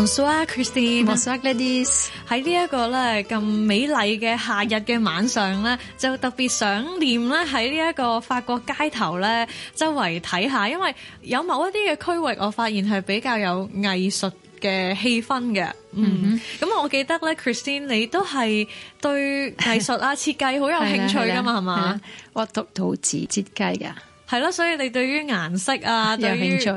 同 s Christine，同 s g Ladies 喺呢一個咧咁美麗嘅夏日嘅晚上咧，就特別想念咧喺呢一個法國街頭咧周圍睇下，因為有某一啲嘅區域，我發現係比較有藝術嘅氣氛嘅。Mm-hmm. 嗯，咁我記得咧，Christine 你都係對藝術啊設計好有興趣㗎嘛？係 嘛？ 我讀圖紙設計嘅。係咯，所以你對於顏色啊，對於係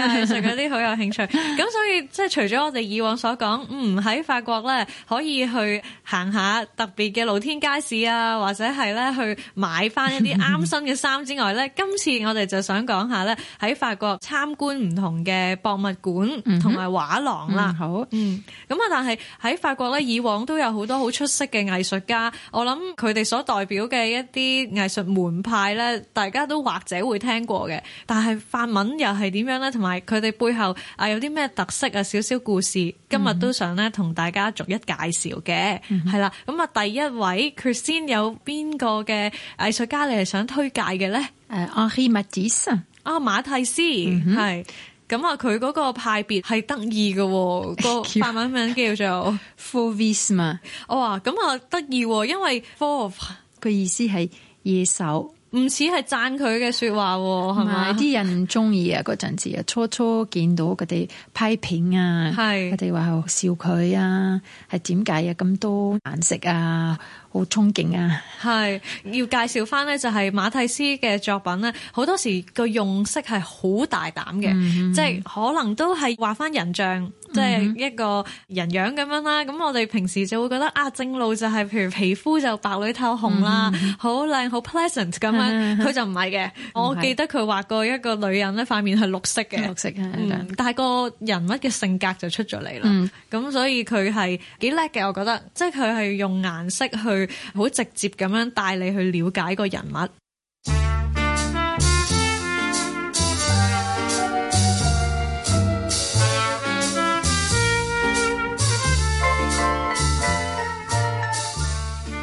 啊，對藝術嗰啲好有興趣。咁 所以即係除咗我哋以往所講，嗯喺法國咧可以去行下特別嘅露天街市啊，或者係咧去買翻一啲啱身嘅衫之外咧、嗯，今次我哋就想講下咧喺法國參觀唔同嘅博物館同埋畫廊啦、嗯嗯嗯。好，嗯，咁啊，但係喺法國咧，以往都有好多好出色嘅藝術家，我諗佢哋所代表嘅一啲藝術門派咧，大家都或者，都會聽過嘅，但係法文又係點樣咧？同埋佢哋背後啊有啲咩特色啊？少少故事，嗯、今日都想咧同大家逐一介紹嘅，係、嗯、啦。咁啊、嗯，第一位 c r e s c e n 有邊個嘅藝術家你係想推介嘅咧？誒、uh,，阿 Henri Matisse 阿馬蒂斯係。咁、嗯、啊，佢嗰、嗯、個派別係得意嘅，個法文名叫做 Fauvisme 嘛。哇，咁啊得意、哦，因為 For 佢意思係野獸。唔似係讚佢嘅說話，係咪？啲人唔中意啊！嗰陣時啊，初初見到佢哋拍片啊，係佢哋話笑佢啊，係點解有咁多顏色啊？好憧憬啊！係要介紹翻咧，就係馬蒂斯嘅作品咧，好多時個用色係好大膽嘅、嗯嗯，即係可能都係畫翻人像，嗯嗯即係一個人樣咁樣啦。咁我哋平時就會覺得啊，正路就係、是、譬如皮膚就白裏透紅啦，好靚好 pleasant 咁樣。佢 就唔係嘅，我記得佢畫過一個女人咧，塊面係綠色嘅，綠色嘅、嗯，但係個人物嘅性格就出咗嚟啦。咁、嗯、所以佢係幾叻嘅，我覺得，即係佢係用顏色去。好直接咁樣帶你去了解個人物。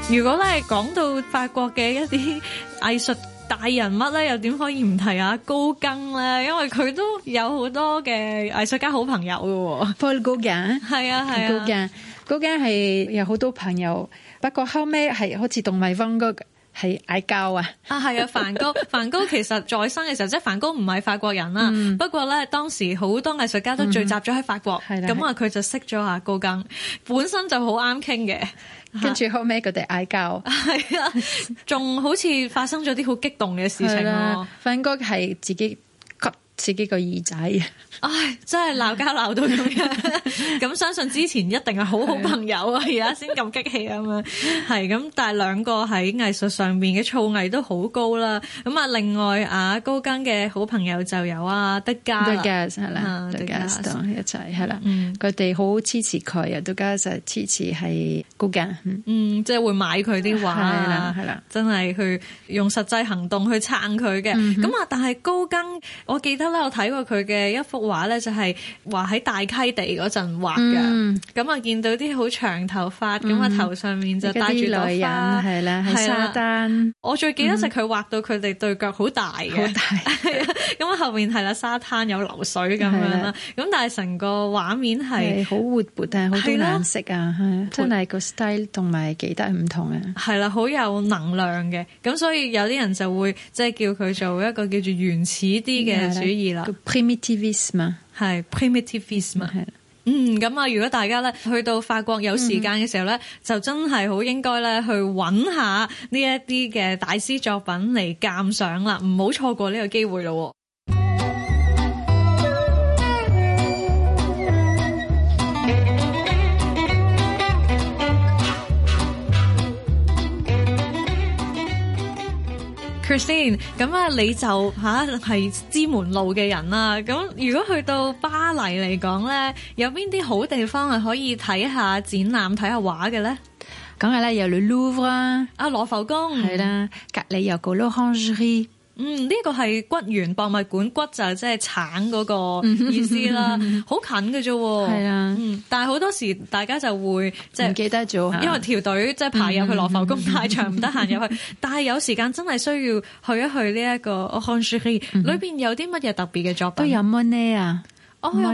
如果咧講到法國嘅一啲藝術大人物咧，又點可以唔提呀高更咧？因為佢都有好多嘅藝術家好朋友嘅。Paul Gauguin 係啊，係啊，Gauguin 係有好多朋友。不過後尾係好似同米芬哥係嗌交啊！啊係啊，梵高，梵 高其實在生嘅時候，即係梵高唔係法國人啦、啊嗯。不過咧，當時好多藝術家都聚集咗喺法國，咁啊佢就識咗阿高更，本身就很的的後後 好啱傾嘅。跟住後尾佢哋嗌交，係啊，仲好似發生咗啲好激動嘅事情。梵高係自己。刺激個耳仔，唉，真係鬧交鬧到咁樣，咁 相信之前一定係好好朋友啊，而家先咁激氣咁樣，係 咁。但係兩個喺藝術上面嘅造詣都好高啦。咁啊，另外啊，高更嘅好朋友就有啊，德加，德加係啦，德加一齊係啦，佢哋好支持佢啊，德加就係支持係高更，嗯，即、嗯、係、嗯嗯就係、會買佢啲畫，係啦，係啦，真係去用實際行動去撐佢嘅。咁、嗯、啊，但係高更，我記得。我睇過佢嘅一幅畫咧，就係話喺大溪地嗰陣畫嘅。咁、嗯嗯、啊，見到啲好長頭髮，咁啊頭上面就戴住朵花，係啦，係沙灘。我最記得就係佢畫到佢哋對腳好大嘅，大。咁 啊，後面係啦、啊，沙灘有流水咁樣啦。咁但係成個畫面係好活潑，但係好、啊、多顏色啊，係、啊，真係個 style 同埋幾得唔同啊。係啦、啊，好有能量嘅。咁所以有啲人就會即係、就是、叫佢做一個叫做原始啲嘅主。叫 Primitivism 嘛，係 Primitivism 嘛，係，嗯，咁啊，如果大家咧去到法國有時間嘅時候咧，mm-hmm. 就真係好應該咧去揾下呢一啲嘅大師作品嚟鑒賞啦，唔好錯過呢個機會咯。Christine，咁啊你就嚇係知門路嘅人啦。咁如果去到巴黎嚟講咧，有邊啲好地方係可以睇下展覽、睇下畫嘅咧？梗係咧，有盧浮啊，阿羅浮宮係啦，隔離有個 l'Orangerie。嗯，呢個係骨源博物館，骨就即係橙嗰個意思啦，好 近嘅而啫。係 啊、嗯，但係好多時大家就會即係唔記得咗，因為條隊即係排入去羅浮宮太長，唔得閒入去。但係有時間真係需要去一去呢、這、一個我看書裏邊有啲乜嘢特別嘅作品？都有 Monet 啊？哦，有莫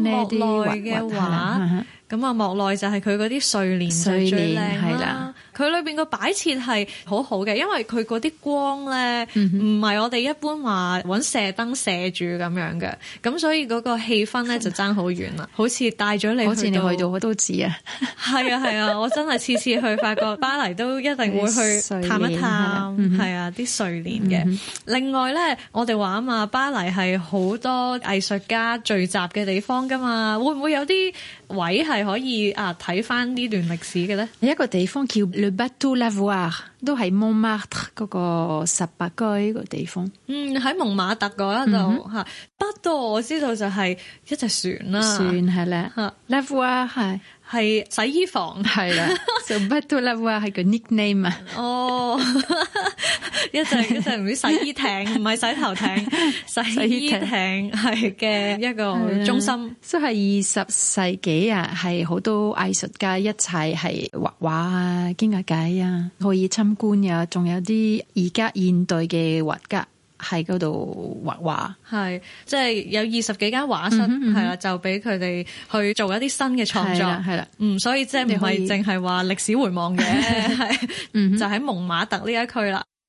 奈嘅畫 咁啊，莫奈就係佢嗰啲睡蓮最靚啦。佢裏邊個擺設係好好嘅，因為佢嗰啲光咧，唔、嗯、係我哋一般話揾射燈射住咁樣嘅，咁所以嗰個氣氛咧就爭好遠啦。好似帶咗你，好似你去到我都知啊。係啊係啊，我真係次次去發覺巴黎都一定會去探一探，係啊，啲睡蓮嘅。另外咧，我哋話啊嘛，巴黎係好多藝術家聚集嘅地方噶嘛，會唔會有啲？位係可以啊，睇翻呢段歷史嘅咧，有一個地方叫 Le Bateau Lavoir，都係蒙馬特嗰個十八區嗰個地方。嗯，喺蒙馬特嗰度嚇，Bateau 我知道就係一隻船啦，船係咧嚇，Lavoir 係係洗衣房係啦，所以 Bateau Lavoir 係個 nickname 啊。一隻一隻唔知洗衣艇，唔 係洗頭艇， 洗衣艇係嘅一個中心，即係二十世紀啊，係好多藝術家一齊係畫畫啊，傾下偈啊，可以參觀呀、啊。仲有啲而家現代嘅畫家喺嗰度畫畫，係即係有二十幾間畫室係啦，就俾佢哋去做一啲新嘅創作，係啦，嗯，所以即係唔係淨係話歷史回望嘅，係 就喺、是、蒙馬特呢一區啦。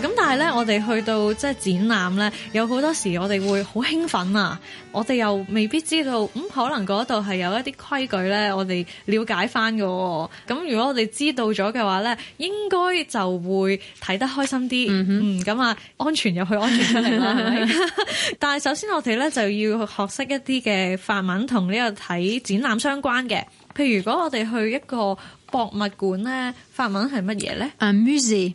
咁但係咧，我哋去到即係展覽咧，有好多時我哋會好興奮啊！我哋又未必知道，咁、嗯、可能嗰度係有一啲規矩咧，我哋了解翻喎。咁如果我哋知道咗嘅話咧，應該就會睇得開心啲。嗯哼，咁、嗯、啊，安全入去，安全出嚟啦。 是吧 但係首先我哋咧就要學識一啲嘅法文同呢個睇展覽相關嘅。譬如如果我哋去一個博物館咧，法文係乜嘢咧？musée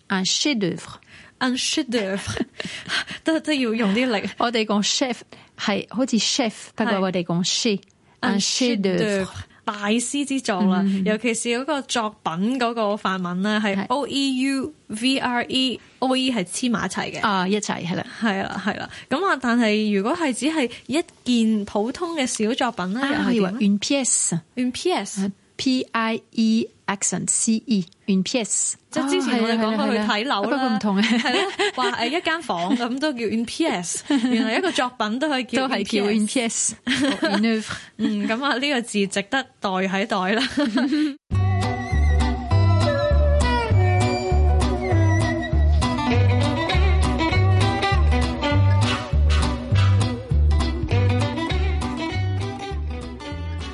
大師之作啦，尤其是嗰個作品嗰個法文咧，係 O E U V R E，O E 係黐埋一齊嘅啊，一齊係啦，係啦，係啦。咁啊，但係如果係只係一件普通嘅小作品咧，又係話 Une P S，Une P S，P I E。Action C E une pièce，即、哦、係之前我哋講去睇樓啦，不過唔同嘅，係 咯，話係一間房咁都叫 une pièce， 原來一個作品都可以叫係叫 une pièce。嗯，咁啊呢個字值得代喺代啦。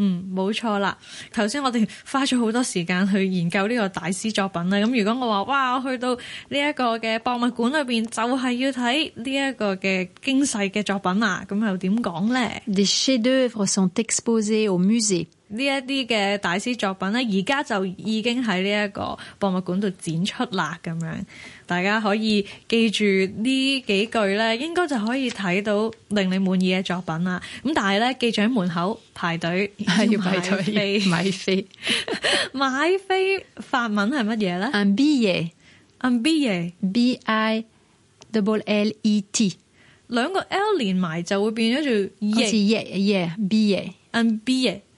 嗯，冇錯啦。頭先我哋花咗好多時間去研究呢個大師作品啦。咁如果我話哇，去到呢一個嘅博物館裏面，就係要睇呢一個嘅驚世嘅作品啊，咁又點講咧？呢一啲嘅大師作品咧，而家就已經喺呢一個博物館度展出啦，咁樣大家可以記住呢幾句咧，應該就可以睇到令你滿意嘅作品啦。咁但係咧，記住喺門口排隊，係要排隊買飛。 買飛法文係乜嘢咧？n b a n b a b i double l e t，兩個 l 連埋就會變咗做 y e y e y b i n b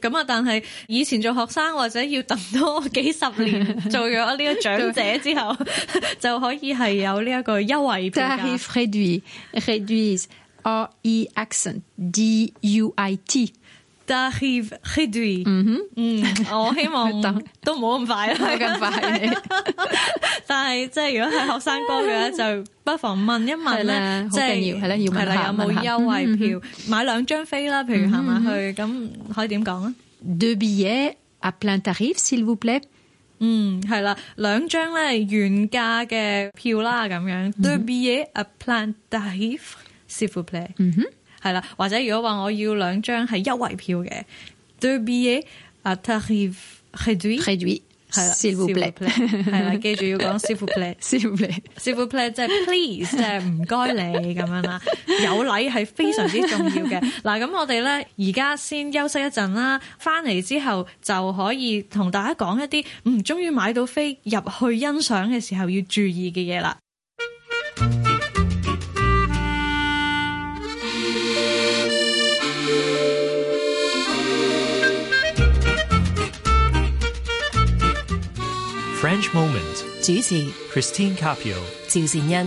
咁啊！但係以前做學生或者要等多幾十年， 做咗呢個長者之後， 對 就可以係有呢一個優惠票價。我希望都冇咁快啦。咁快。但係，即係如果係學生哥嘅，就不妨問一問咧。即係係啦，要問下有冇優惠票，買兩張飛啦。譬如行下去，咁可以點講啊？嗯，係啦，兩張呢，原價嘅票啦，噉樣。係啦，或者如果話我要兩張係優惠票嘅，deux billets à tarif réduit，係啦，s'il vous plaît，係啦，記住要講 s'il vous plaît，s'il vous plaît，s'il vous plaît，即係 please，即係唔該你咁樣啦，有禮係非常之重要嘅。嗱，咁我哋咧而家先休息一陣啦，翻嚟之後就可以同大家講一啲，唔終於買到飛入去欣賞嘅時候要注意嘅嘢啦。French Moment 主持 Christine Capio 趙善恩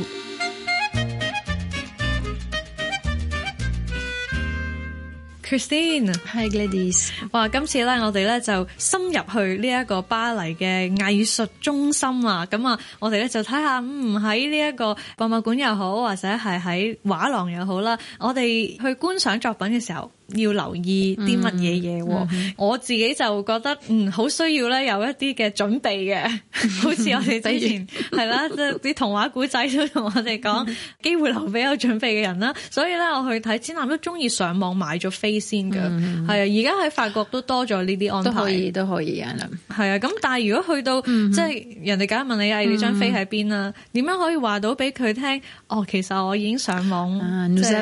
Christine Hi Gladys 哇今次咧我哋咧就深入去呢一個巴黎嘅藝術中心啊咁啊我哋咧就睇下嗯喺呢一個博物館又好或者係喺畫廊又好啦我哋去觀賞作品嘅時候。要留意啲乜嘢嘢？Mm-hmm. 我自己就覺得嗯，好需要咧，有一啲嘅準備嘅。 好似我哋之前係啦，啲 對了 童話古仔都同我哋講，mm-hmm. 機會留俾有準備嘅人啦。所以咧，我去睇展覽都中意上網買咗飛先㗎。係、mm-hmm. 啊，而家喺法國都多咗呢啲安排，都可以都可以啊。係啊，咁但係如果去到、mm-hmm. 即係人哋梗係問你、mm-hmm. 啊，你張飛喺邊啊？點樣可以話到俾佢聽？哦，其實我已經上網。Uh, 就是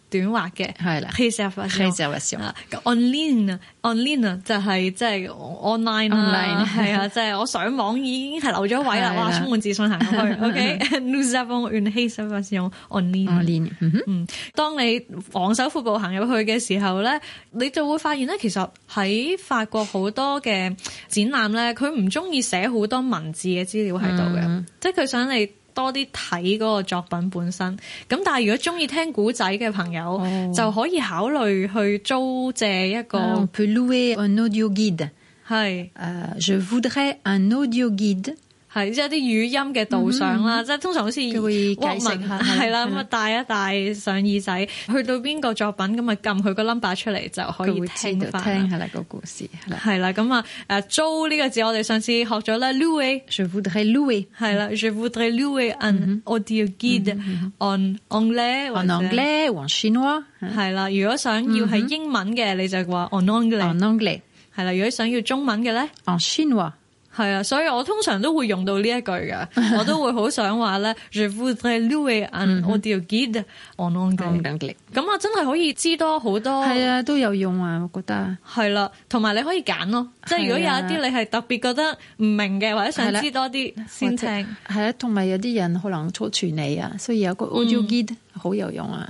短劃嘅，係啦 e a s e l f use on line 啊，on line 啊，就係，即係 online，online 啊，即係，我上網已經係留咗位啦， 哇，充滿自信行入去 o k l o s e up on case l f use on o n line，嗯嗯，當你昂首闊步行入去嘅時候呢，你就會發現呢，其實喺法國好多嘅展覽呢，佢唔鍾意寫好多文字嘅資料喺度嘅，即係佢想你。多啲睇嗰個作品本身，咁但係如果中意聽古仔嘅朋友、oh. 就可以考慮去租借一個。係，即係啲語音嘅導賞啦、嗯，即係通常好似會介紹下係啦，咁、嗯、啊帶一帶上耳仔，去到邊個作品咁啊，撳佢個 number 出嚟就可以聽翻。係啦，係係個故事係啦，咁啊誒，租呢個字我哋上次學咗啦，Louis 係 Louis 係啦，船夫就係 Louis un audio guide en、嗯、anglais en、um, anglais, anglais or chinois 係啦，uh, 如果想要係英文嘅，你就話 en anglais en anglais 係啦，如果想要中文嘅咧，en chinois。係啊，所以我通常都會用到呢一句嘅， 我都會好想話咧。y o l would do it and I do audio guide、mm-hmm. on long term、嗯。咁我真係可以知多好多。係啊，都有用啊，我覺得。係啦、啊，同埋你可以揀咯，即係如果有一啲你係特別覺得唔明嘅、啊，或者想知多啲先聽。係啦，同埋、啊、有啲人可能錯處你啊，所以有個 audio guide 好、嗯、有用啊。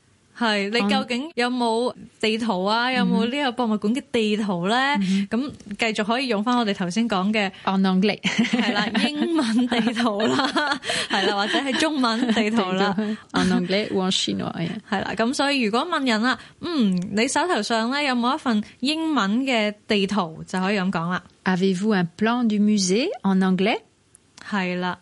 係，你究竟有冇地圖啊？Mm-hmm. 有冇呢個博物館嘅地圖咧？咁、mm-hmm. 繼續可以用翻我哋頭先講嘅 en anglais 係啦，英文地圖啦，係 啦， 或者係中文地圖啦。en anglais ou en chinois，我係。係啦，咁所以如果問人啦，嗯，你手頭上咧有冇一份英文嘅地圖，就可以咁講啦。Avez-vous un plan du musée en anglais？係啦。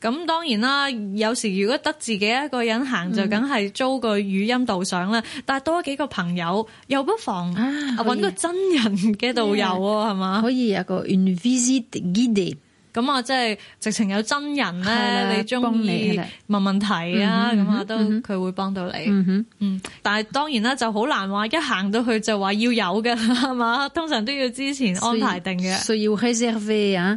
咁當然啦，有時如果得自己一個人行就梗係租個語音導賞啦。但係多幾個朋友，又不妨揾個真人嘅導遊喎，係、啊、嘛？可以有個 une visite guidée。咁啊，即係直情有真人咧，你中意問問題啊，咁啊都佢會幫到你。嗯哼，嗯。但係當然啦，就好難話一行到去就話要有噶啦，係嘛？通常都要之前安排定嘅。所以，所以要啊。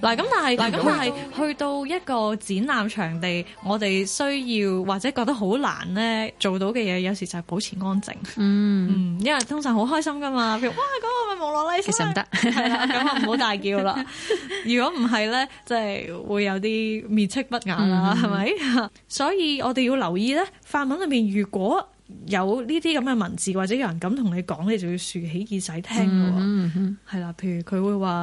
嗱咁，但係咁，但係去到一個展覽場地，我哋需要或者覺得好難咧做到嘅嘢，有時就係保持安靜。嗯，因為通常好開心噶嘛，譬如哇，嗰、嗰個咪冇落禮衫，其實唔得，係啦，咁我唔好大叫啦。如果唔係咧，即、就、係、是、會有啲面赤不雅啦，係、嗯、咪？所以我哋要留意咧，法文裏面如果有呢啲咁嘅文字或者有人咁同你講，你就要豎起耳仔聽咯。係、嗯、啦，譬如佢會話。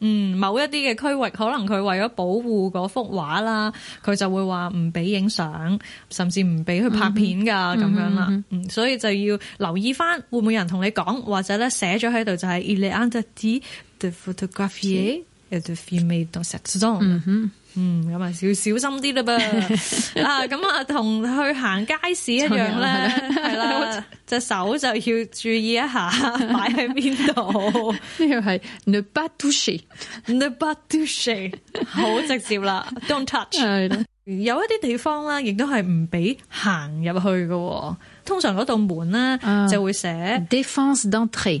嗯，某一啲嘅區域可能佢為咗保護嗰幅畫啦，佢就會話唔俾影相，甚至唔俾佢拍片噶咁、mm-hmm. 樣啦。嗯、mm-hmm.，所以就要留意翻會唔會有人同你講，或者咧寫咗喺度就係 illegal to take the photography in the filmed zone。Mm-hmm. 嗯，咁啊，要小心啲啦噃，啊，咁啊，同去行街市一樣咧，係啦，隻手就要注意一下，擺喺邊度？呢個係 Ne pas toucher，Ne pas toucher，好直接啦，Don't touch。係啦，有一啲地方咧，亦都係唔俾行入去嘅，通常嗰道門咧就會寫 Défense d'entrée。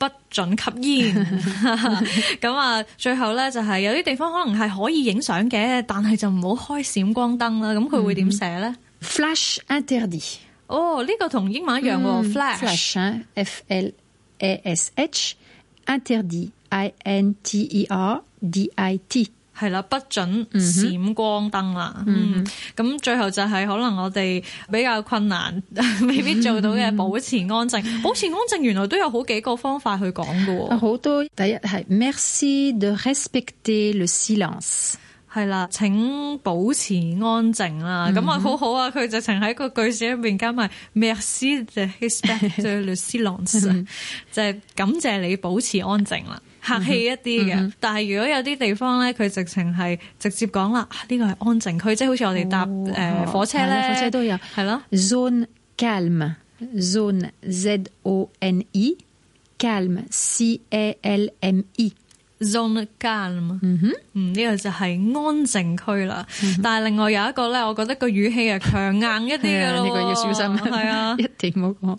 不准吸煙，咁啊，最後咧就係有啲地方可能係可以影相嘅，但係就唔好開閃光燈啦。咁佢會點寫咧？Flash interdit。哦，呢個同英文一樣喎。Flash，F L A S H interdit，I N T E R D I T。係啦，不准閃光燈啦。咁、嗯嗯、最後就係可能我哋比較困難，未必做到嘅保持安靜。 保持安靜原來都有好幾個方法去講喎。好多第一係 Merci de respecter le silence，係啦，請保持安靜啦。咁、嗯、啊，好好啊，佢就曾喺個句子入面加埋 Merci de respecter le silence， 就係感謝你保持安靜啦。客氣一啲嘅，但係如果有啲地方咧，佢直情係直接講啦，呢個係安靜區，即係好似我哋搭誒火車咧，火車都有係啦。Zone calme，zone z o n i calme c a l m i zone cal 嘛，嗯哼，嗯，呢個就係安靜區啦。但係另外有一個咧，我覺得個語氣係強硬一啲嘅咯，呢個要小心係啊，一定唔好講。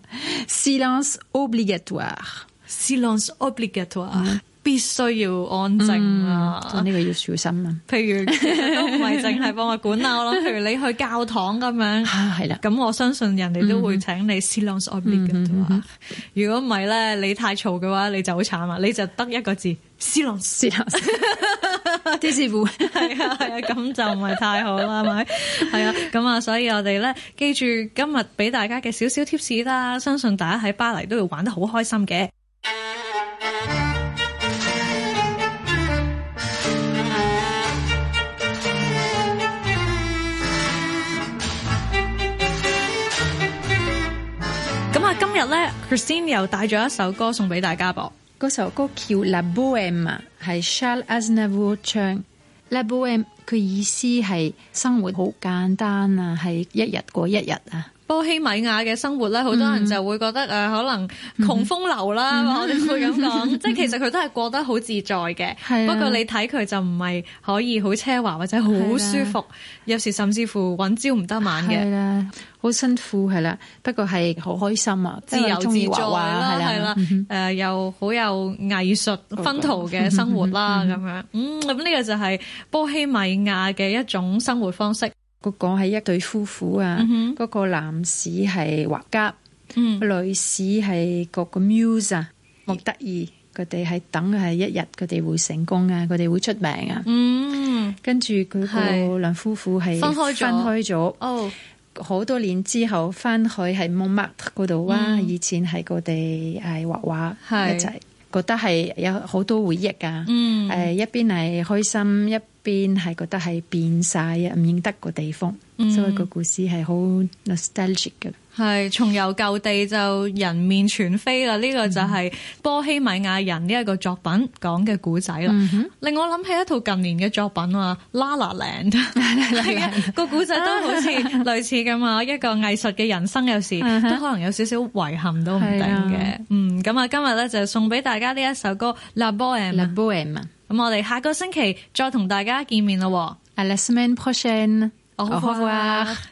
Silence obligatoire，silence obligatoire。必須要安靜啊！呢、嗯、個要小心啊！譬如其實都唔係淨係幫我管鬧咯， 譬如你去教堂咁樣，係 啦、啊。咁我相信人哋都會請你 silence oblique 嘅，如果唔係呢，你太嘈嘅話，你就好慘啊！你就得一個字 s i l e n c e s i l e n g e 啲似乎係啊係啊，咁 就唔係太好啦，係咪？係啊，咁啊，所以我哋呢，記住今日俾大家嘅小小貼 i 啦，相信大家喺巴黎都會玩得好開心嘅。今日咧，Christine 又帶咗一首歌送俾大家播。嗰首歌叫《La Bohème》啊，係 Charles Aznavour 唱。La Bohème 佢意思係生活好簡單啊，係一日過一日啊。波希米亞嘅生活咧，好多人就會覺得誒、嗯呃，可能窮風流啦，或、嗯、者會咁講。即 係其實佢都係過得好自在嘅，啊。不過你睇佢就唔係可以好奢華或者好舒服，啊，有時甚至乎揾朝唔得晚嘅。好辛苦係啦，不過係好開心啊，自由自在啊，係啦，誒，又好有藝術熏陶嘅生活啦，咁樣，嗯，咁呢個就係波希米亞嘅一種生活方式。我講係一對夫婦啊，嗰個男士係畫家，女士係個個 muse，木得意，佢哋係等係一日，佢哋會成功啊，佢哋會出名啊，嗯，跟住佢個兩夫婦係分開咗，分開咗，哦。好多年之後翻去喺 Montmartre 嗰度啊，wow. 以前喺嗰哋係畫畫一齊，覺得係有好多回憶啊。誒、mm. 呃、一邊係開心，一邊係覺得係變晒，啊，唔認得個地方，mm. 所以個故事係好 nostalgic 嘅。係，重遊舊地就人面全非啦！呢、呢個就係波希米亞人呢一個作品講嘅古仔啦。令我諗起一套近年嘅作品話《La La Land 是的，》 個古仔都好似類似咁啊， 一個藝術嘅人生，有時、uh-huh. 都可能有少少遺憾都唔定嘅。Uh-huh. 嗯，咁啊，今日咧就送俾大家呢一首歌《La Boheme》。咁我哋下個星期再同大家見面喎。À la semaine prochaine. Au revoir.